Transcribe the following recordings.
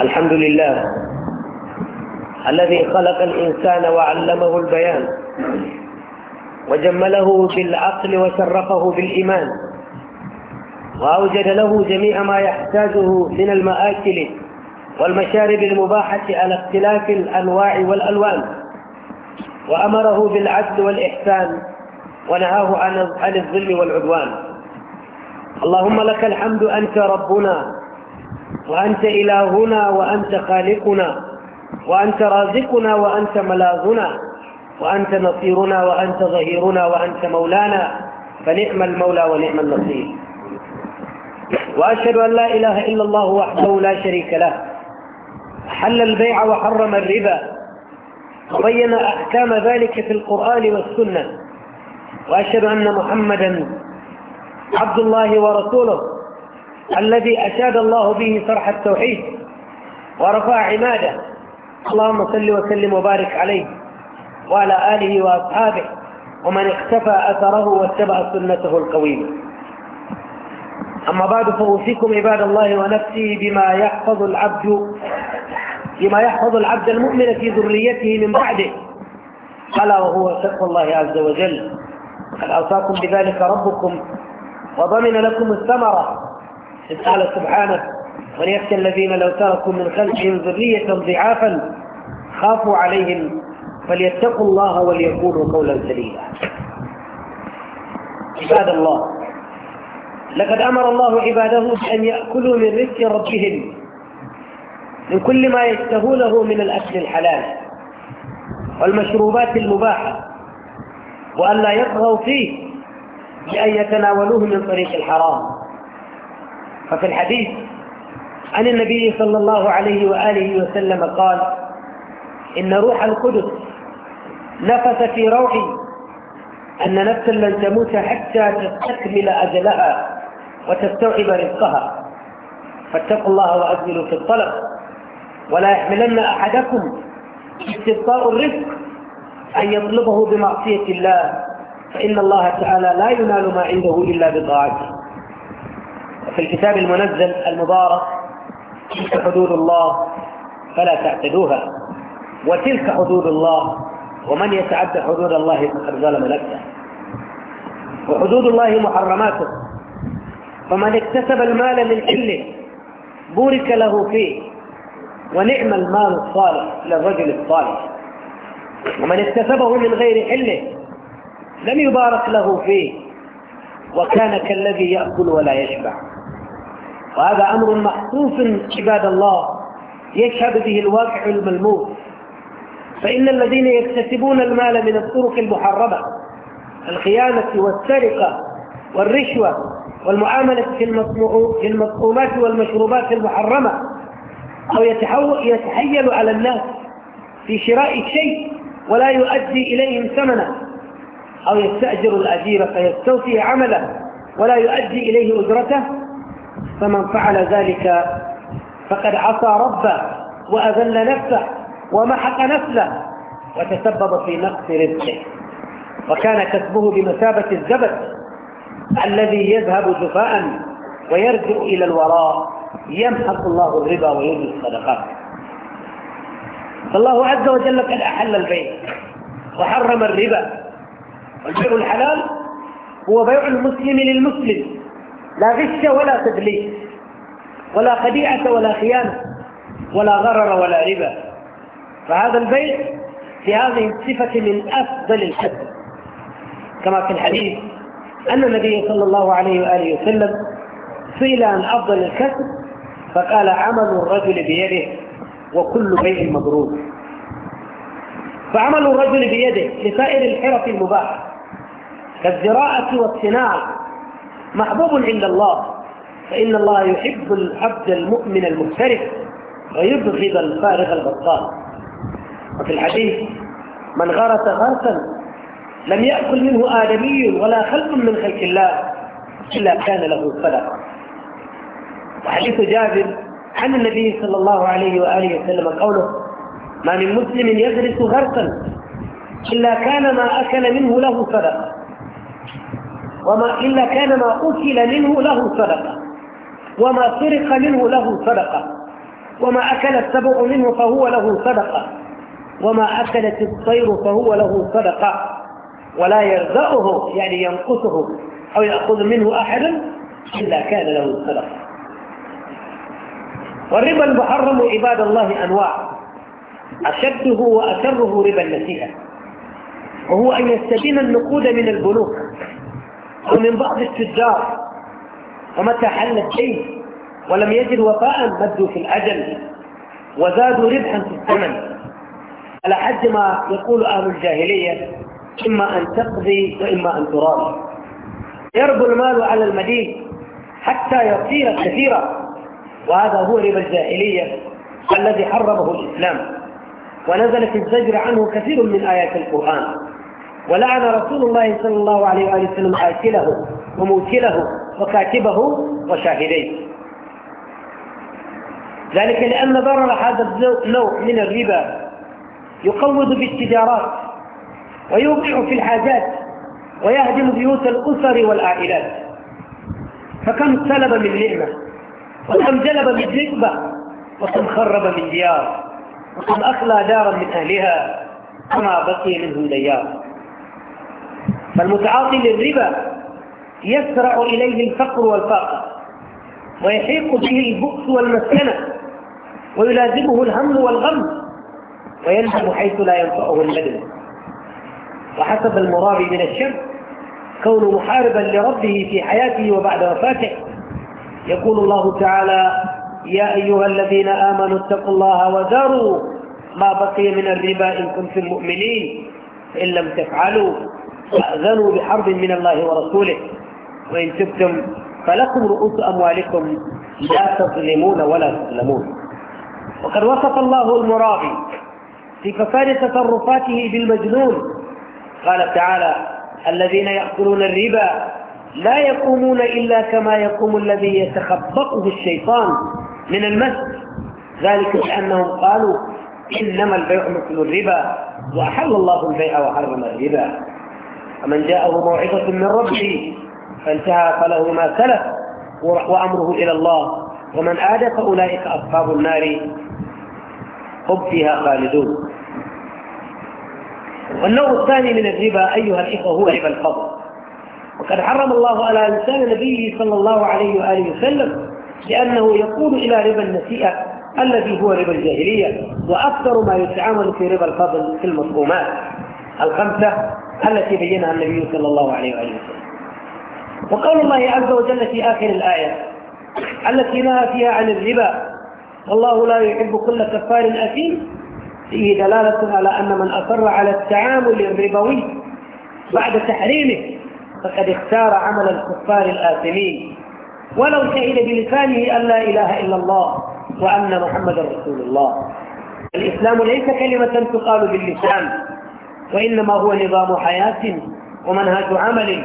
الحمد لله الذي خلق الإنسان وعلمه البيان وجمله بالعقل وشرفه بالإيمان وأوجد له جميع ما يحتاجه من المآكل والمشارب المباحة على اختلاف الأنواع والألوان وأمره بالعدل والإحسان ونهاه عن الظلم والعدوان اللهم لك الحمد أنت ربنا وأنت إلهنا وأنت خالقنا وأنت رازقنا وأنت ملاذنا وأنت نصيرنا وأنت ظهيرنا وأنت مولانا فنعم المولى ونعم النصير وأشهد أن لا إله إلا الله وحده لا شريك له حل البيع وحرم الربا وبين أحكام ذلك في القرآن والسنة وأشهد أن محمدا عبد الله ورسوله الذي أشاد الله به صرح التوحيد ورفع عماده اللهم صل وسلم وبارك عليه وعلى آله وأصحابه ومن اختفى أثره واتبع سنته القويمة أما بعد فأوصيكم عباد الله ونفسي بما يحفظ العبد بما يحفظ العبد المؤمن في ذريته من بعده ألا وهو تقوى الله عز وجل قد أوصاكم بذلك ربكم وضمن لكم الثمرة إذ قال سبحانه وليخشى الذين لو تركوا من خلفهم ذرية ضعافا خافوا عليهم فليتقوا الله وليقولوا قولا سليما عباد الله لقد أمر الله عباده بأن يأكلوا من رزق ربهم من كل ما يشتهونه من الأكل الحلال والمشروبات المباحة وأن لا يطغوا فيه بأن يتناولوه من طريق الحرام ففي الحديث عن النبي صلى الله عليه وآله وسلم قال إن روح القدس نفث في روحي أن نفسا لن تموت حتى تستكمل أجلها وتستوعب رزقها فاتقوا الله وأجملوا في الطلب ولا يحملن أحدكم استبقاء الرزق أن يطلبه بمعصية الله فإن الله تعالى لا ينال ما عنده إلا بطاعته في الكتاب المنزل المبارك تلك حدود الله فلا تعتدوها وتلك حدود الله ومن يتعدى حدود الله فقد ظلم نفسه وحدود الله محرماته فمن اكتسب المال من حله بورك له فيه ونعم المال الصالح للرجل الصالح ومن اكتسبه من غير حله لم يبارك له فيه وكان كالذي يأكل ولا يشبع وهذا أمر محسوس عباد الله يشهد به الواقع الملموس فإن الذين يكتسبون المال من الطرق المحرمة الخيانة والسرقة والرشوة والمعاملة في المطعومات والمشروبات المحرمة أو يتحيل على الناس في شراء شيء ولا يؤدي إليهم ثمنه أو يستأجر الأجير فيستوفي عمله ولا يؤدي إليه أجرته فمن فعل ذلك فقد عصى ربه وأذل نفسه ومحق نفسه وتسبب في نقص رزقه وكان كسبه بمثابة الزبد الذي يذهب جفاء ويرجع إلى الوراء يمحق الله الربا ويجزي الصدقات فالله عز وجل قد أحل البيع وحرم الربا والبيع الحلال هو بيع المسلم للمسلم لا غش ولا تدليس ولا خديعة ولا خيانة ولا غرر ولا ربا فهذا البيت في هذه الصفة من أفضل الحد كما في الحديث أن النبي صلى الله عليه وآله وسلم سئل عن أفضل الكسب فقال عمل الرجل بيده وكل بيع مبرور فعمل الرجل بيده لسائر الحرف المباحة كالزراعة والصناعة محبوب عند الله فإن الله يحب العبد المؤمن المحترف ويبغض الفارغ الغطان وفي الحديث من غرس غرسا لم يأكل منه آدمي ولا خلق من خلق الله إلا كان له صدقة وحديث جابر عن النبي صلى الله عليه وآله وسلم قوله ما من مسلم يغرس غرسا إلا كان ما أكل منه له صدقة وما إلا كان ما أكل منه له صدقة وما سرق منه له صدقة وما أكل السبع منه فهو له صدقة وما أكلت الطير فهو له صدقة ولا يرزقه يعني ينقصه أو يأخذ منه أحدا إلا كان له صدقة والربا المحرم عباد الله أنواع أشده وأشره ربا النسيئة وهو أن يستدين النقود من البنوك ومن بعض التجار فمتى حل الدين ولم يجد وفاء مدوا في الأجل وزادوا ربحا في الثمن على حد ما يقول أهل الجاهلية إما أن تقضي وإما أن تراضي يربو المال على المدين حتى يصير كثيرا وهذا هو ربا الجاهلية الذي حرمه الإسلام ونزل في الزجر عنه كثير من آيات القرآن ولعن رسول الله صلى الله عليه وآله وسلم آكله وموكله وكاتبه وشاهديه ذلك لأن ضرر هذا النوع من الربا يقوض في التجارات ويوقع في الحاجات ويهدم بيوت الأسر والعائلات فكم سلب من نعمة وكم جلب من ركبة وكم خرب من ديار وكم أخلى دارا من أهلها وما بقي منهم ديار فالمتعاطي للربا يسرع إليه الفقر والفاقة ويحيق به البؤس والمسكنة ويلازمه الهم والغم وينهب حيث لا ينفعه البدن وحسب المرابي من الشر كونه محاربا لربه في حياته وبعد وفاته يقول الله تعالى يا أيها الذين آمنوا اتقوا الله وذروا ما بقي من الربا إن كنتم مؤمنين إن لم تفعلوا فأذنوا بحرب من الله ورسوله وإن تبتم فلكم رؤوس أموالكم لا تظلمون ولا تظلمون وقد وصف الله المرابي في فساد تصرفاته بالمجنون قال تعالى الذين يأكلون الربا لا يقومون إلا كما يقوم الذي يتخبطه الشيطان من المس ذلك لأنهم قالوا إنما البيع مثل الربا وأحل الله البيع وحرم الربا فمن جاءه موعظة من ربه فانتهى فله ما سلف وأمره إلى الله ومن عاد فأولئك أصحاب النار هم فيها خالدون والنوع الثاني من الربا أيها الإخوة هو ربا الفضل وقد حرم الله على لسان نبيه صلى الله عليه وآله وسلم لأنه يقول إلى ربا النسيئة الذي هو ربا الجاهلية وأكثر ما يتعامل في ربا الفضل في المطعومات الخمسة التي بينها النبي صلى الله عليه وآله وسلم وقول الله عز وجل في آخر الآية التي نهى فيها عن الربا والله لا يحب كل كفار أثيم فيه دلالة على أن من أصر على التعامل الربوي بعد تحريمه فقد اختار عمل الكفار الآثمين ولو شهد بلسانه أن لا إله إلا الله وأن محمد رسول الله الإسلام ليس كلمة تقال باللسان وإنما هو نظام حياة ومنهج عمل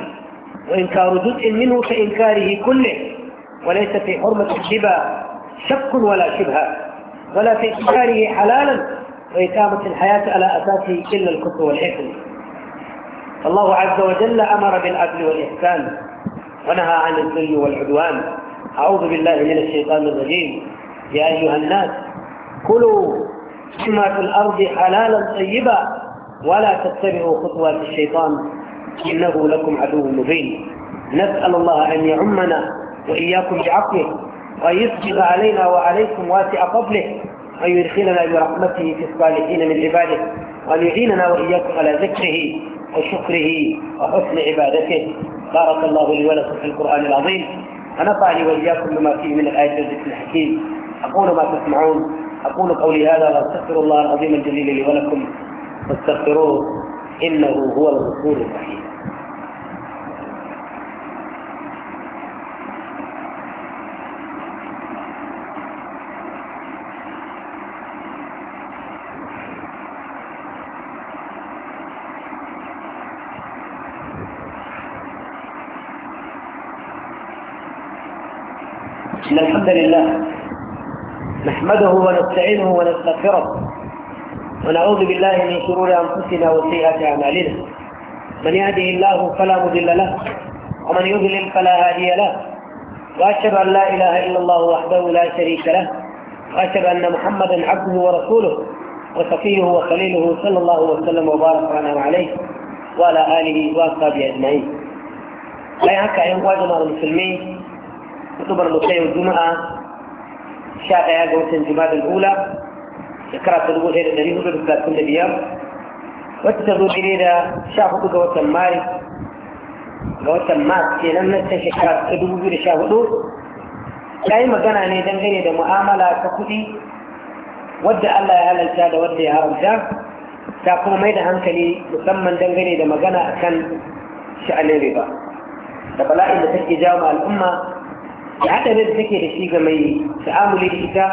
وإنكار جزء منه كإنكاره كله وليس في حرمة الشبه شك ولا شبهة ولا في إنكاره حلالا وإقامة الحياة على أساسه إلا الكفر والإثم الله عز وجل أمر بالعدل والإحسان ونهى عن الذل والعدوان أعوذ بالله من الشيطان الرجيم يا أيها الناس كلوا مما في الأرض حلالا طيبا ولا تتبعوا خطوات الشيطان إنه لكم عدو مبين نسأل الله أن يعمنا وإياكم بعفوه وأن يسجد علينا وعليكم واسع فضله وأن يدخلنا برحمته في الصالحين من عباده وأن يعيننا وإياكم على ذكره وشكره وحسن عبادته بارك الله لي ولكم في القرآن العظيم ونفعني وإياكم بما فيه من الآية والذكر الحكيم أقول ما تسمعون أقول قولي هذا وأستغفر الله العظيم الجليل لي ولكم فاستغفروه إنه هو الغفور الرحيم إن الحمد لله نحمده ونستعينه ونستغفره ونعوذ بالله من شرور أنفسنا وسيئات أعمالنا من يهده الله فلا مضل له ومن يضلل فلا هادي له وأشهد أن لا إله إلا الله وحده لا شريك له وأشهد أن محمدا عبده ورسوله وصفيه وخليله صلى الله وسلم وبارك عليه وعلى آله وأصحابه أجمعين لا haka ان واجب المسلمين كتب المسلمين الجمعه شاء يا juma'a sha shekara ta dubu ɗaya da ɗari hudu da talatin da biyar wacce ta zo daidai da sha hudu ga watan mari ga watan mars kenan na ta shekara ta dubu biyu da sha hudu ta yi magana ne dangane da mu'amala ta kuɗi wadda Allah ya halarta da wadda ya haramta ta kuma mai da hankali musamman dangane da magana akan sha'anin riba da bala'in da take jawo al'umma da haɗarin da take da shi ga mai ta'amuli da ita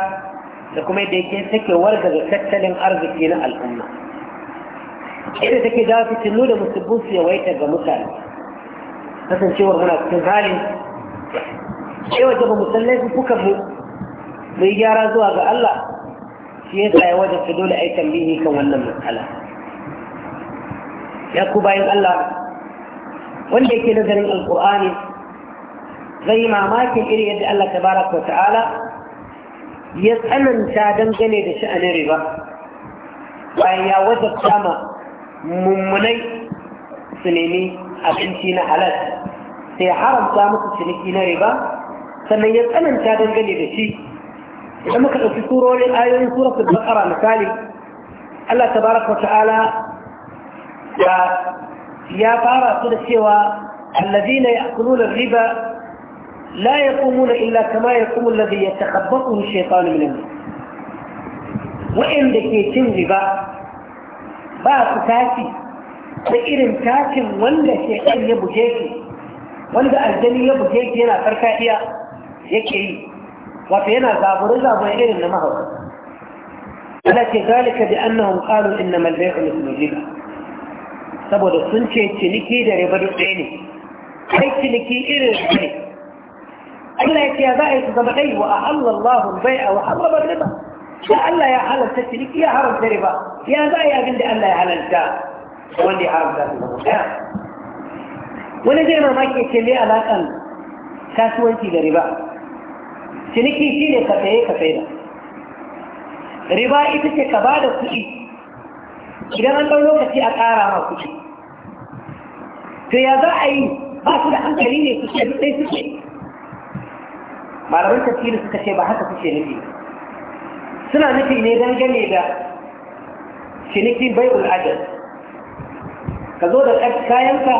da kuma yadda yake take warga da tattalin arziki na al'umma yadda take su tunu da musulmin su yawaita ga mutane kasancewar muna cikin halin cewa da ba musallai su kuka mu mu yi gyara zuwa ga Allah shi ya sa ya wajabta dole a yi tambihi kan wannan matsala ya ku bayan Allah wanda yake nazarin alkur'ani zai mamakin iri yadda Allah tabaraka wa ta'ala ya tsananta dangane da sha'anin riba bayan ya wajabta ma mummunai su nemi abinci na halal sai haramta musu ciniki na riba sannan ya tsananta dangane da shi idan muka ɗauki surorin ayoyin suratul makara misali Allah tabaraka ta'ala ya fara su da cewa الذين يأكلون riba. لا يقومون إلا كما يقوم الذي يتخبطه الشيطان من الناس وإن دكيتين ربا باك تاتي فإرم تاتي ولا شيطان يبو جيكي ولا أجل يبو جيكي هنا فركا إيا يكي وفينا زابر الله وإن إنما هو ولكن ذلك بأنهم قالوا إنما البيع لكم الربا سبب السنشي تنكي دربا دعيني أي تنكي إرم تاتي Allah ya ce za a yi su zama ɗai wa ahallallahu bai'a wa harrama riba Ya Allah ya halarta ciniki ya haramta riba ya za a yi abin da Allah ya halarta wanda ya haramta su zama wani zai mamaki ce mai alaƙan kasuwanci da riba ciniki shi ne ka saye ka saida riba ita ce ka ba da kuɗi idan an ɗau lokaci a ƙara ma kuɗi to ya za a yi ba su da hankali ne su ce duk ɗai suke malaman tafsiri suka ce ba haka kuke nufi suna nufi ne gane da ciniki bai ul'adar ka zo da kayanka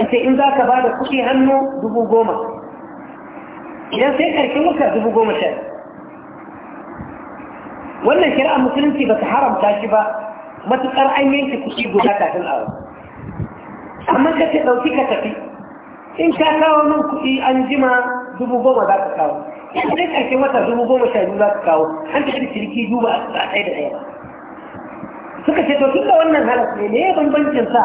in ce in za ka ba da kuɗi hannu dubu goma idan sai ƙarshen wuka dubu goma sha wannan shari'a musulunci ba ta haramta shi ba matuƙar an yanke kuɗi guda kafin aure amma ka ce ɗauki ka tafi in ka kawo min kuɗi an jima dubu goma za ka kawo in dai karshen wata dubu goma sha biyu za ka kawo an ta da ciniki duba a ɗaya da ɗaya ba suka ce to tunda wannan halas ne me bambancin sa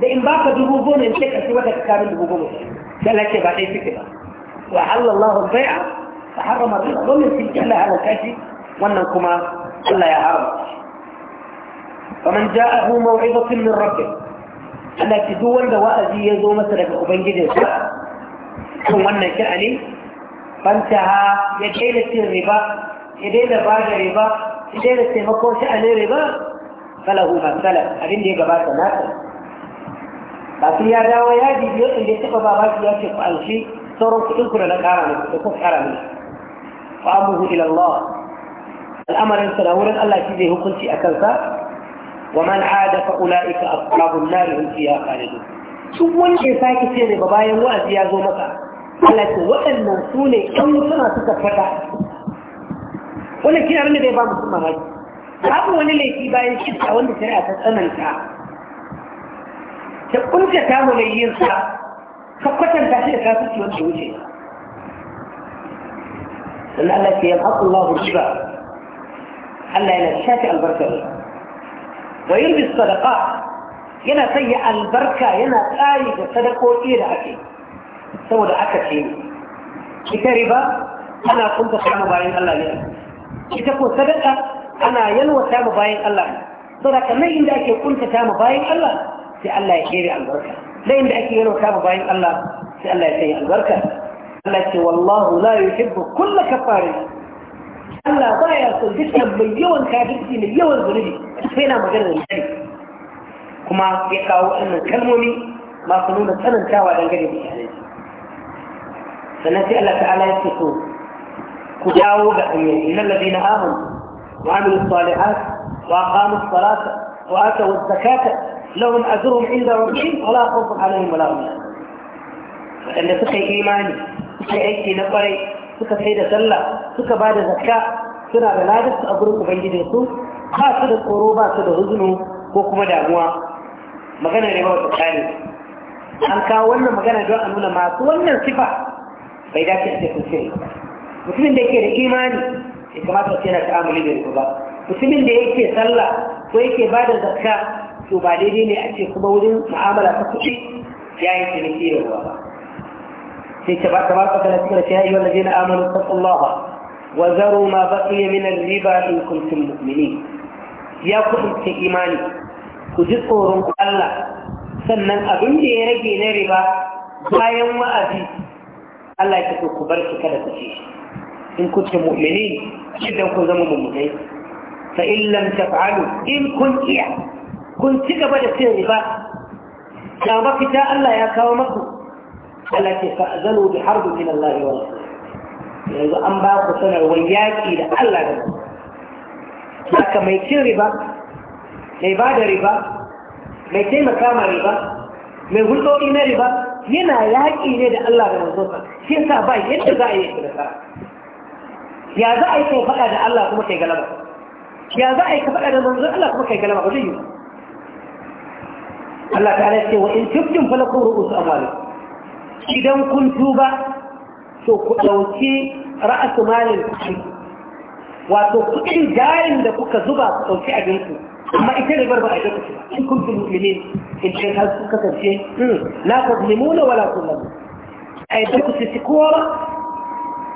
da in baka dubu goma in ce karshen wata ka kawo dubu goma da Allah ce ba ɗaya suke ba wa halallahu bai'a fa harrama riba wannan shi Allah halaka shi wannan kuma Allah ya haramta shi فمن جاءه موعظة من ربه التي دون وأزي يزوم سلك أبنجد kan wannan sha'ani fantaha ya daina cin riba ya daina ba da riba ya daina taimakon sha'anin riba falahu masala abin da ya gabata nasa kafin ya dawo ya bibiyo inda ya taɓa babaki ya ce ku alshi sauran kuɗin ku da na ƙara muku da kuka ƙara muku fa'amuhu ila Allah al'amarin sa da wurin Allah shi zai hukunci a kansa wa man ada fa ulaika ashabun nar hum fiha khalidun duk wanda ya sake ce ne ba bayan wa'azi ya zo maka halaka waɗannan su ne ɗan mutuna suka faɗa wannan kina abin da zai ba mutum mamaki babu wani laifi bayan shirka wanda shari'a ta tsananta ta kunta ta mu mai yin sa ka kwatanta shi da kasuwanci wanda wuce sannan Allah ke yamhaku Allah riba Allah yana shafi albarkar wa yurbi sadaqa yana sanya albarka yana tsari da sadakoki da ake سوى دعاك تهيني كتاري با أنا كنت في مباين الله لي كتاكو سبقا أنا يلوى في مباين الله ذلك ما إن دعاك كنت في مباين الله في الله يجيري عن بركة لا إن دعاك يلوى في مباين الله في الله يجيري عن بركة التي والله لا يحب كل كفار الله ضايا صدقنا مليون كافرين مليون ذنبي فينا مجرد الجري كما يقعوا أن الكلمني ما صنونا سنن كاوى عن قريب الجريب فنسي الله تعالى يتقون كجاو بحيين إن الذين آمنوا وعملوا الصالحات وأقاموا الصلاة وآتوا الزكاة لهم أجرهم عند ربهم ولا خوف عليهم ولا هم يحزنون فإن تقي إيماني تقي أيتي نقري تقى حيدة سلة تقى بعد زكاة تنا بلاد أبرك بيجي يسوع خاصة القروبة تد حزن وكما دعوا مغنى رواه الثاني أن كاولنا مغنى جواء أنونا معصوا وأننا الكفاح bai dace da kuskure mutumin da yake da imani ya kamata ce na ta'amuli da riba ba mutumin da yake sallah ko yake ba da zakka to ba daidai ne a ce kuma wurin mu'amala ta kuɗi ya yi ciniki da ruwa ba sai ta baka baka kana cikin ce ya yi wanda zai na amalu sallallahu wa zaru ma baqiya min riba in kuntum mu'minin ya kuɗin imani ku ji tsoron Allah sannan abin da ya rage na riba bayan wa'azi Allah ya tafi ku bar shi kada ku ci in kuntum mu'minin idan kun zama mu'minai fa in lam taf'alu in kun iya kun ci gaba da cin riba da mafita Allah ya kawo maku Allah ke fa'zalu bi harbi min Allah wa yanzu an ba ku sanarwar yaƙi da Allah da haka mai cin riba mai ba da riba mai taimaka ma riba mai hulɗoɗi na riba yana yaƙi ne da Allah da manzonsa shi yasa ba yadda za a yi da nasara ya za a yi kai faɗa da Allah kuma kai galaba ya za a yi ka faɗa da manzon Allah kuma kai galaba ba zai yi Allah ta ce wa in tubtum falakum ru'usu amwalikum idan kun tuba to ku ɗauki ra'asu malin kuɗi wato kuɗin jarin da kuka zuba ku ɗauki abinku amma ita ribar ba a yi lokaci ba in kun fi mu'minin in ce har su kasance la tazlimuna wala tuzlamun أيديكم في السكورة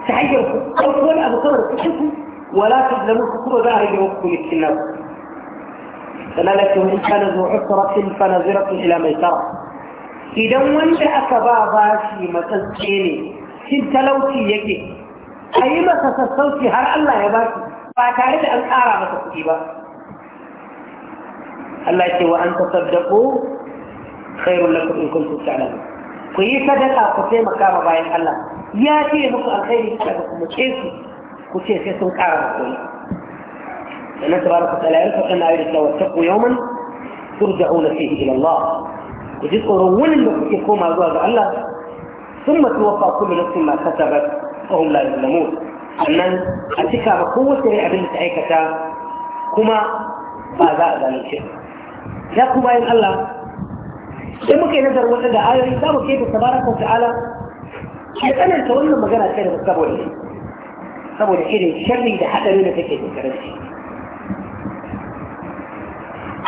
تحيركم أول أبو صدر تحيركم ولا تظلموا السكورة ده يوقفوا للسنة فلالك وإن كان ذو عسرة فنظرة إلى ميسرة إذا وانت أكبا باشي مسلسيني shin talauci yake a yi masa sassauci har Allah ya baki ba tare da an ƙara masa kuɗi ba Allah ce wa an tasaddaqu ku yi sadaka ku taimaka ma bayan Allah ya ce muku alkhairi kada ku muke su ku ce sai sun ƙara muku ne sannan tabaraka ta'ala ya faɗa na yi da wattaqu yawman turja'una fihi ila Allah ku ji tsoron wani da kuke koma zuwa ga Allah sun matu wafa kullu nafsin ma kasabat wa hum la yuzlamun sannan a cika ma kowace ne abin da ta aikata kuma ba za a zalunce ya ku bayan Allah sai muka yi nazarin waɗanda ayoyi za mu kefe tabaraka ta'ala shi tsananta wannan magana ce da saboda shi saboda irin sharri da haɗari da take tattare da shi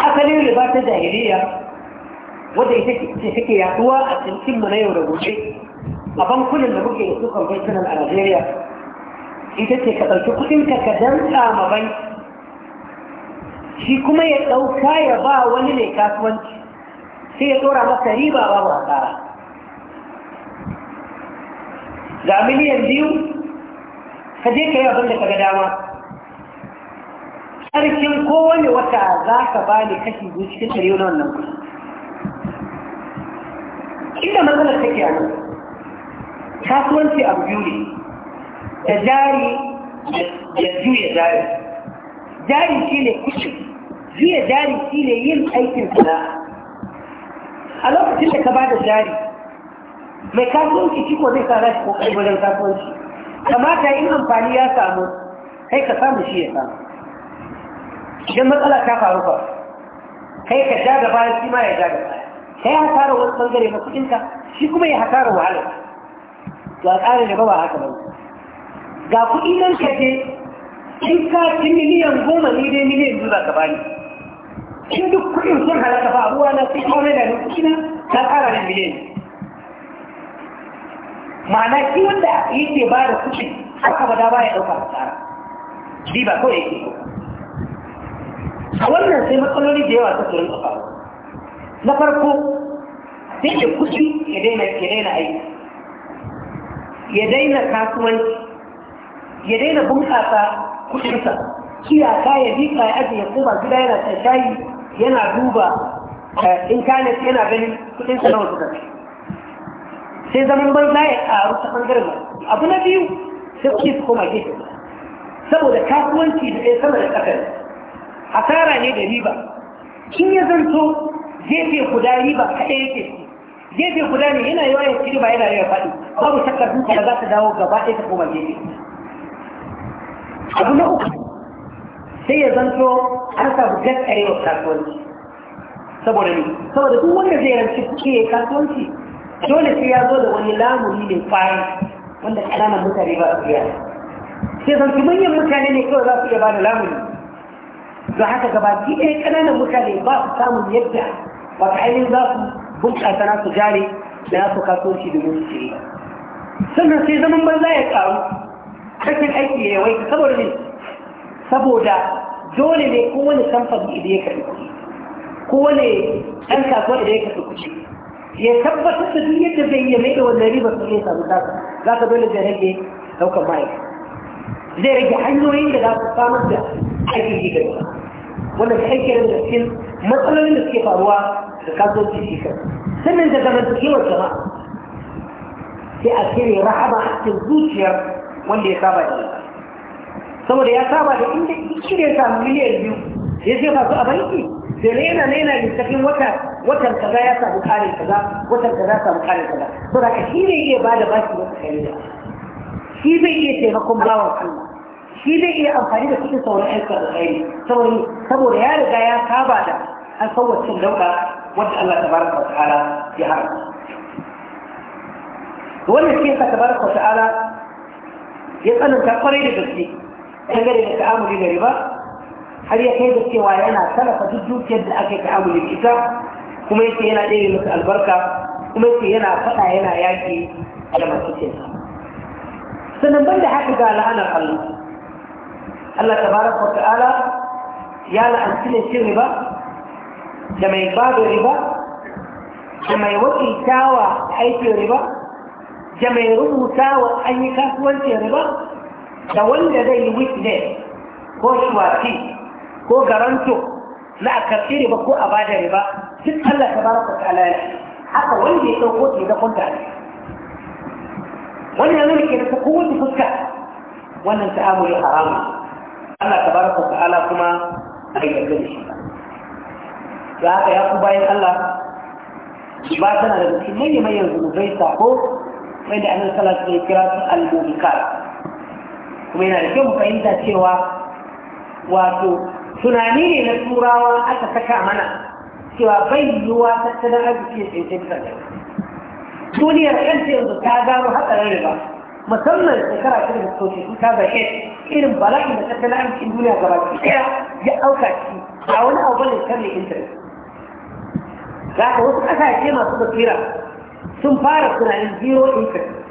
asalin riba ta jahiliya wadda ita take yaduwa a cikin mu na yau da gobe a bankunan da muke da su conventional a Najeriya ita ce ka ɗauki kuɗin ka ka danka ma banki shi kuma ya ɗauka ya ba wani mai kasuwanci sai ya tsora masa riba babu hasara ga miliyan biyu ka je ka yi abin da ka ga dama ƙarshen kowane wata za ka ba ni kashi biyu cikin ɗari na wannan kuɗi inda matsalar take a nan kasuwanci abu biyu ne da jari da juya jari jari shi ne kushin juya jari shi ne yin aikin sana'a a lokacin da ka ba da jari mai kasuwanci ciko zai sa shi kokari wajen kasuwanci kamata yin amfani ya samu kai ka samu shi ya samu idan matsala ta faru ba kai ka ja gaba baya shi ma ya ja gaba baya kai hasara wani bangare na kuɗinka shi kuma ya hasara wahala to a tsarin da ba haka ba ga kuɗi nan ka je in ka ci miliyan goma ni dai miliyan biyu za ka bani in duk kuɗin sun halatta fa ruwa na sai kawai da nukina ta ƙara da miliyan ma'ana shi wanda yake ba da kuɗi har abada ba ya ɗauka hasara riba kawai yake a wannan sai matsaloli da yawa ta turin ƙafa na farko sai ya kuɗi ya daina aiki ya daina kasuwanci ya daina bunƙasa kuɗinsa ka ya miƙa ya ajiye kuma gida yana ta shayi yana duba eh, intanet yana ganin kudin sa nawa suka fi sai zaman banza ya ƙaru ta ɓangaren abu na biyu sai kuɗi su koma gefe saboda kasuwanci da ɗaya sama da ƙasar asara ne da riba in ya zanto gefe guda riba kaɗai yake gefe guda ne yana yawa ya ci riba yana yawa faɗi babu shakka duka da za ta dawo gaba ɗaya ta koma gefe abu na uku sai ya zanto an samu wa kasuwanci saboda ne saboda duk wanda zai ranci kuke ya kasuwanci dole sai ya zo da wani lamuni mai fari wanda ƙananan mutane ba su iya sai zanto manyan mutane ne kawai za su iya ba da lamuni don haka ki ɗaya ƙananan mutane ba su samun yadda ta ainihin za su bunƙasa na su jari da nasu kasuwanci domin su cire sannan sai zaman banza ya karu rashin aiki ya yawaita saboda ne saboda dole ne kowane kamfani idan ya karɓi kuɗi kowane ɗan kasuwa idan ya karɓi kuɗi ya tabbatar da duk yadda zai iya mai da wannan ribar su ne samu zaka za ka dole zai rage ɗaukar ma'aikata zai rage hanyoyin da za su samar da aikin yi gaba wannan su aiki da cikin matsalolin da suke faruwa da kasuwanci shi kan sannan da yawan jama'a sai a kere rahama a cikin zuciyar wanda ya saba da saboda ya saba da inda shirya samu miliyan biyu ya ce ba su a banki da rena rena da cikin wata watan kaza ya samu karin kaza watan kaza ya samu karin kaza to da shi ne iya bada baki wata kare da shi zai iya taimakon bawan Allah shi zai iya amfani da cikin sauran ayyuka da kai saboda saboda ya riga ya saba da an san wacce dauka wanda Allah tabaraka wa ta'ala ya haramta wannan shi ka tabaraka wa ta'ala ya tsananta kwarai da gaske dangane da ta'amuli da riba har ya kai da cewa yana sarrafa duk dukiyar da aka yi ta'amuli da ita kuma yake yana ɗaya masa albarka kuma yake yana faɗa yana yaƙi da masu cinsa sannan ban da haka ga la'anar Allah Allah tabaraka wa ta'ala ya la'anci ne cin riba da mai bada riba da mai wakiltawa aikin riba da mai rubuta wa an yi kasuwancin riba da wanda zai yi witness ko shuwafi ko garanto na a karfi riba ko a bada riba duk Allah ta baraka ta ala haka wanda ya dauko ta da kunta wannan ne ke da kowace fuska wannan ta'amuli haramu Allah ta baraka ta ala kuma a yi yarda da shi da haka ya ku bayan Allah ba tana da cikin manyan manyan zunubai sako wanda annabi sallallahu alaihi wasallam ya kira su al-mubiqat kuma yana da kyau fahimta cewa wato tunani ne na turawa aka saka mana cewa bai yiwuwa tattalin arziki ya tsaye bisa da duniyar kanta yanzu ta gano hatsarin riba musamman shekara ta da soke su ta zashe irin bala'in da tattalin arzikin duniya gaba ki ɗaya ya auka shi a wani abu ne karni intanet za ka wasu ƙasashe masu basira sun fara tunanin zero interest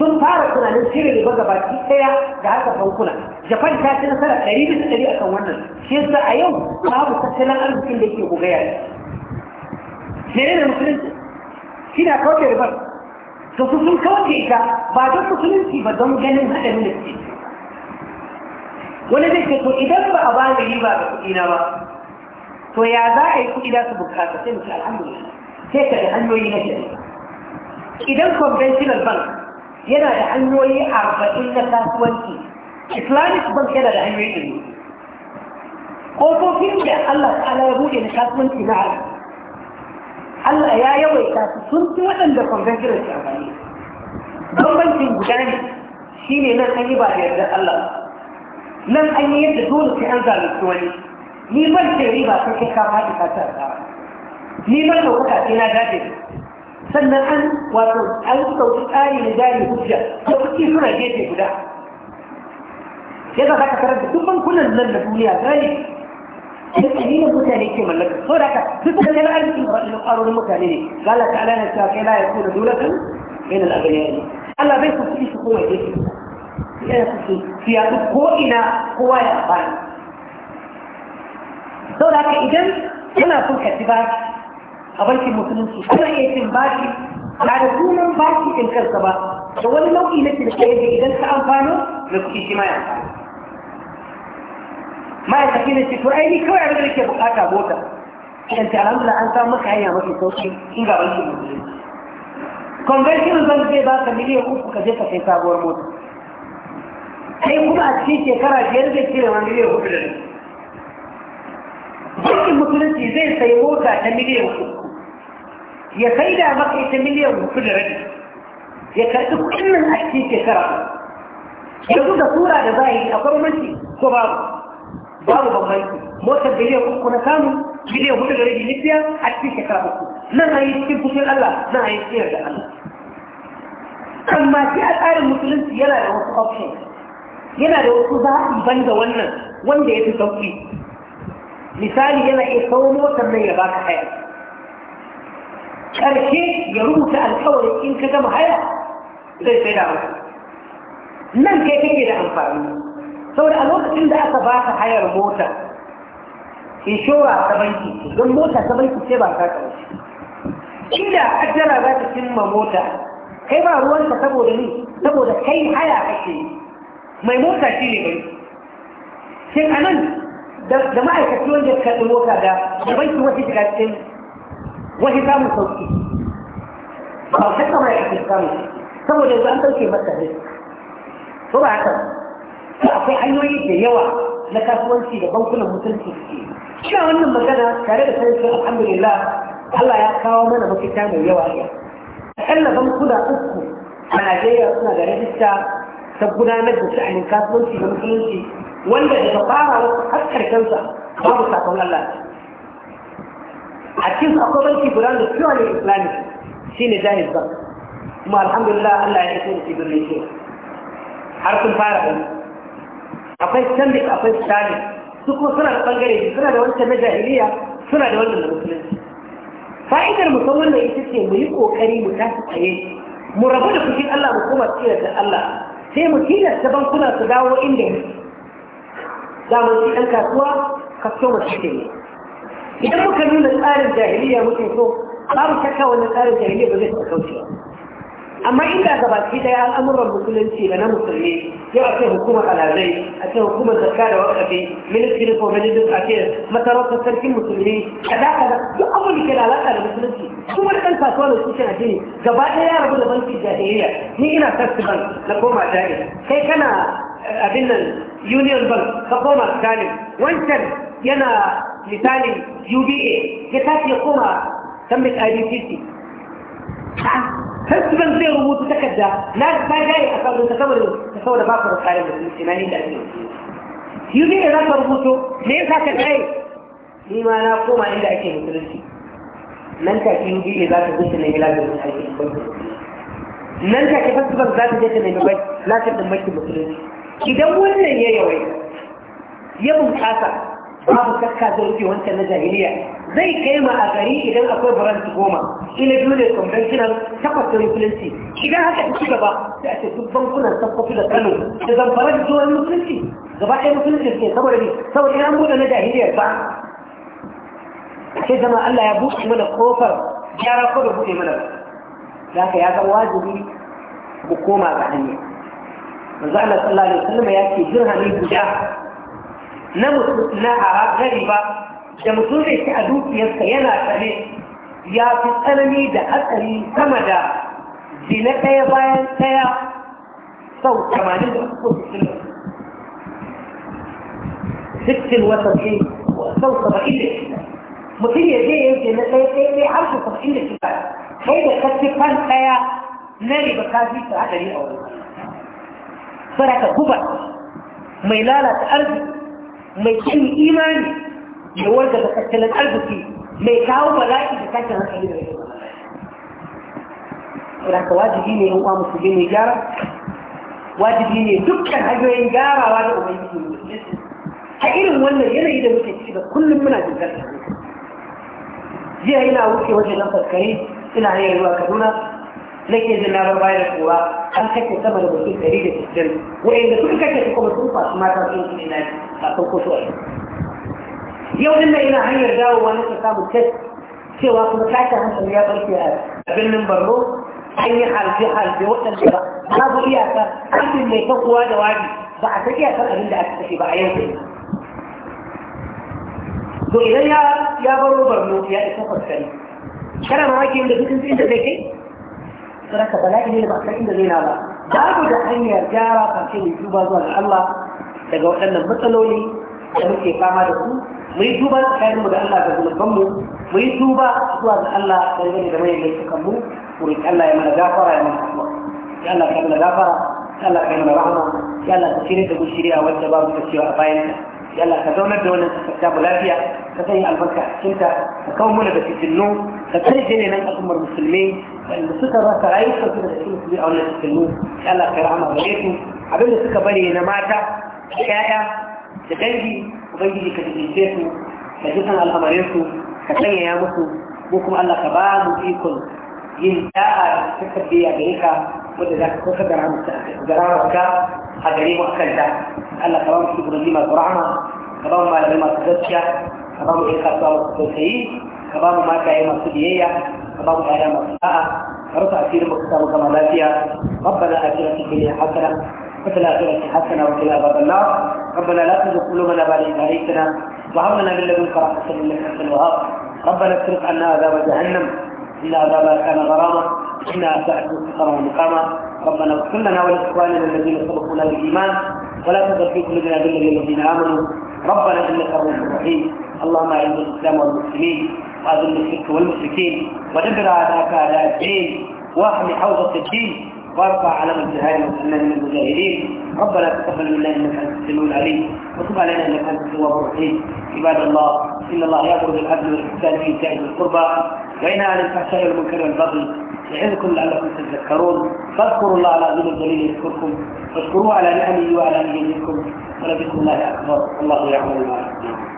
sun fara tunanin shirin da ga baki ɗaya ga haka bankuna japan ta ci nasara ɗari bisa ɗari kan wannan shi yasa a yau babu tattalin arzikin da yake gogaya ne ne musulunci shi na kauce ribar da su sun kauce ita ba don musulunci ba don ganin haɗarin da ke wani zai ce to idan ba a bani riba ga na ba to ya za a yi kuɗi da su bukata sai mutu alhamdulillah sai ka da hanyoyi na shari'a idan conventional bank yana da hanyoyi arba'in na kasuwanci islamic bank yana da hanyoyi ɗari kofofin da allah ta'ala ya buɗe na kasuwanci na haɗu allah ya yawaita su sun fi waɗanda conventional su amfani bambancin guda ne shi ne nan an yi ba da yardar allah nan an yi yadda dole sai an zalunci wani ni ban ce riba sai kai ka faɗi ka ta ni ban ɗaukaka sai na dace sannan an wato an sauki tsari na jari hujja da kuke suna gefe guda yadda za ka tarar da duk bankunan nan na duniya gani da kalilin mutane ke mallaka so da ka duk da yana arziki da ƙwarorin mutane ne gala ta ala na cewa kai la ya kuna dulatan bayan al'agariyar ne Allah bai ku kuɗi su kowa gefe yana su su yaɗu ko ina kowa ya amfani sau da ka idan kana son ka ci ba a bankin musulunci kuma iya cin baki na da sunan baki ɗin kansa ba da wani nau'i na cinikayya da idan ka amfano da kuke shi ma ya ma'aikaci na ce to ai ni kawai abin da ke bukata bota idan ta alhamdulillah an samu maka hanya mafi sauki in ga bankin musulunci conventional bank zai ba ka miliyan uku ka je ka sai sabuwar mota sai kuma a cikin shekara biyar zai cire ma miliyan hudu da bankin musulunci zai sai mota ta miliyan uku يا خيلا بقية مليون في العلم يا كاتب كم أكثر كثرة يا جودة صورة جزائي أقول منتي كبار بابو بابايتي موسى بليه وقنا كامو بليه وقنا كامو بليه وقنا كامو بليه وقنا كامو لا يتكين بشير الله لا يتكين بشير الله أما في أسعار المسلمين يلا يوصف أبشر يلا يوصف ذاتي بند ونن ونن يتوكي مثالي يلا يصوم وسمي يباك حياتي karshe ya rubuta alkawari in ka gama haya zai sai da nan kai kake da amfani saboda a lokacin da aka ba ka hayar mota inshora ta banki don mota ta banki ce ba ka karshe inda ajjara za ta cimma mota kai ba ruwanka saboda ni saboda kai haya kake mai mota shi ne bai shin anan da ma'aikaci wanda ka ɗin mota da banki wata shiga cikin wani samun sauki ba wata kama ya ake samu saboda yanzu an ɗauke masa ne ko ba haka akwai hanyoyi da yawa na kasuwanci da bankunan mutunci ina wannan magana tare da sanin cewa alhamdulillah Allah ya kawo mana mafita mai yawa ya akalla bankuna uku a Najeriya suna da rajista ta gudanar da sha'anin kasuwanci da mutunci wanda daga fara har karshen sa babu sakon Allah a cikin akwai banki guda da purely shi ne jahil ba, kuma alhamdulillah Allah ya iso shi birnin shi har sun fara ɗan akwai standing akwai standing su kuma suna da ɓangare suna da wancan na jahiliya suna da wannan na musulunci fa'idar mu san wannan ita ce mu yi ƙoƙari mu tashi tsaye mu rabu da fushin Allah mu koma tsira da Allah sai mu tilasta bankuna su dawo inda ya mu ci ɗan kasuwa kasuwa mu take ne idan muka nuna tsarin jahiliya muke so babu shakka wannan tsarin jahiliya ba zai taɓa kaucewa amma inda gabaki daya al'amuran musulunci da na musulmi yau a ce hukumar alazai a ce hukumar zakka da wakafi ministry for religious affairs masarautar sarkin musulmi a daga da duk abin da ke da alaƙa da musulunci kuma da ɗan kasuwa da tushen addini gaba ɗaya ya rabu da banki jahiliya ni ina festival na koma jari kai kana abin nan union bank ka koma stalin wancan yana مثال يو دي اي لكاتي قرى تمت اي دي سي سي فستبن نعم. زي رموز تكدى ناس ما جاي اصلا تسول تسول باكر الحالي الاجتماعي ده يو دي اي ذاك رموزه ليه ذاك الاي لما لا قوم الا اكيد مثلتي nan take yi biyu za ta zuci nemi lafiyar da ake nan take fasibar za ta je ta nemi lafiyar da maki musulunci idan wannan ya yawai ya bunƙasa babu kakka da rufe wancan na jahiliya zai kai ma a gari idan akwai branch goma ila biyu ne conventional takwas da musulunci idan haka ci gaba sai a ce duk bankunan sakwafi da kano da zamfara da zuwa musulunci gaba ɗaya musulunci ke saboda ne saboda ina buɗe na jahiliya ba sai zama Allah ya buɗe mana kofar gyara ko da buɗe mana za ka ya ga wajibi mu koma ga hanya manzo Allah sallallahu alaihi wasallam ya ce dirhami guda na mutum na gari ba da mutum zai ci a dukiyarsa yana tsare ya fi tsanani da hatsari sama da zina ɗaya bayan ɗaya sau tamanin da uku sittin wata ce sau saba'in da shida mutum ya je yin zina ɗaya ɗaya ɗaya har su saba'in da shida kai da kasi fan ɗaya na riba ka fi ta haɗari a wani. Saraka guba mai lalata arziki mai cin imani da wanda da tattalin arziki mai kawo bala'i da haka hankali da rikin bala'i ka wajibi ne yin kwamusu musulmi mai gyara wajibi ne dukkan hanyoyin gyarawa da ubangiji Ka irin wannan yanayi da muke ciki da kullum muna jin gargaɗi jiya ina wuce wajen nan farkari ina hanyar zuwa kaduna nake jin na bayar kuwa an kashe sama da mutum ɗari da sittin wa'inda suka kashe su kuma sun fasu mata sun su ina a farko su a yau din nan ina hanyar dawowa na ka samu test cewa kuma tashi hankali ya ɓarke a birnin borno an yi halbe-halbe waɗanda ba babu iyaka abin mai kakuwa da wani ba a ta iyakar abin da aka kashe ba a yau da to idan ya baro borno ya isa faskari kana mamakin da duk inda zai kai saraka bala'i ne da ba san inda zai na ba babu da hanyar gyara kafin mai tuba zuwa ga Allah daga waɗannan matsaloli da muke fama da su mu yi tuba tsakaninmu da Allah da zunubanmu mu yi tuba zuwa ga Allah dangane da mai laifukan mu mu roƙi Allah ya mana gafara ya mana rahama ya Allah ka mana gafara ya Allah ka mana rahama ya Allah ka shirya da mu shirya wanda babu ta cewa a bayan ya Allah ka zaunar da wannan tsakka mu lafiya ka sanya albarka a cikinta ka kawo mana da fitinu ka tsare ne nan al'ummar musulmi السكر ده كان عايز كده تكون في او نتكلم يلا كرامه بيتي عبد السكر بني انا معك حكايه تبدي وبيدي لك الانسان فجيت انا على امريكا كتاني يا مصر بكم الله كرام وفيكم ينتهى السكر دي عليك وده ده كنت كرام كرام كا حجري مؤكد ده الله كرام في برزيما كرامة كرام ما لما تدرسها كرام ايه خطوة وتتوسعي كرام ما كاي مصر babu ƴaƴa masu a'a karfa a filin baka samu kama lafiya rabbana atina fid dunya hasana wa fil akhirati hasana wa qina adhaban nar rabbana la tuzigh qulubana ba'da idh hadaytana wa hab lana min ladunka rahmatan innaka antal wahhab ربنا اصرف عنا عذاب جهنم إن عذابها كان غراما إنها ساءت مستقرا ومقاما ربنا اغفر لنا ولاخواننا الذين سبقونا بالايمان ولا تزغ في قلوبنا غلا للذين امنوا ربنا انك رؤوف رحيم اللهم اعز الاسلام والمسلمين وأذل المشرك والمشركين ودبر على على الدين واحمي حوض الدين وارفع على الجهاد وسلم من المجاهدين ربنا تقبل منا انك انت السميع العليم وتب علينا انك انت التواب الرحيم عباد الله ان الله يامر بالعدل والاحسان في ايتاء القربى وينهى عن الفحشاء والمنكر والبغي يعظكم لعلكم تتذكرون فاذكروا الله على العظيم الجليل يذكركم واشكروه على نعمه وعلى نعمه يذكركم ولذكر الله اكبر والله يعلم ما تصنعون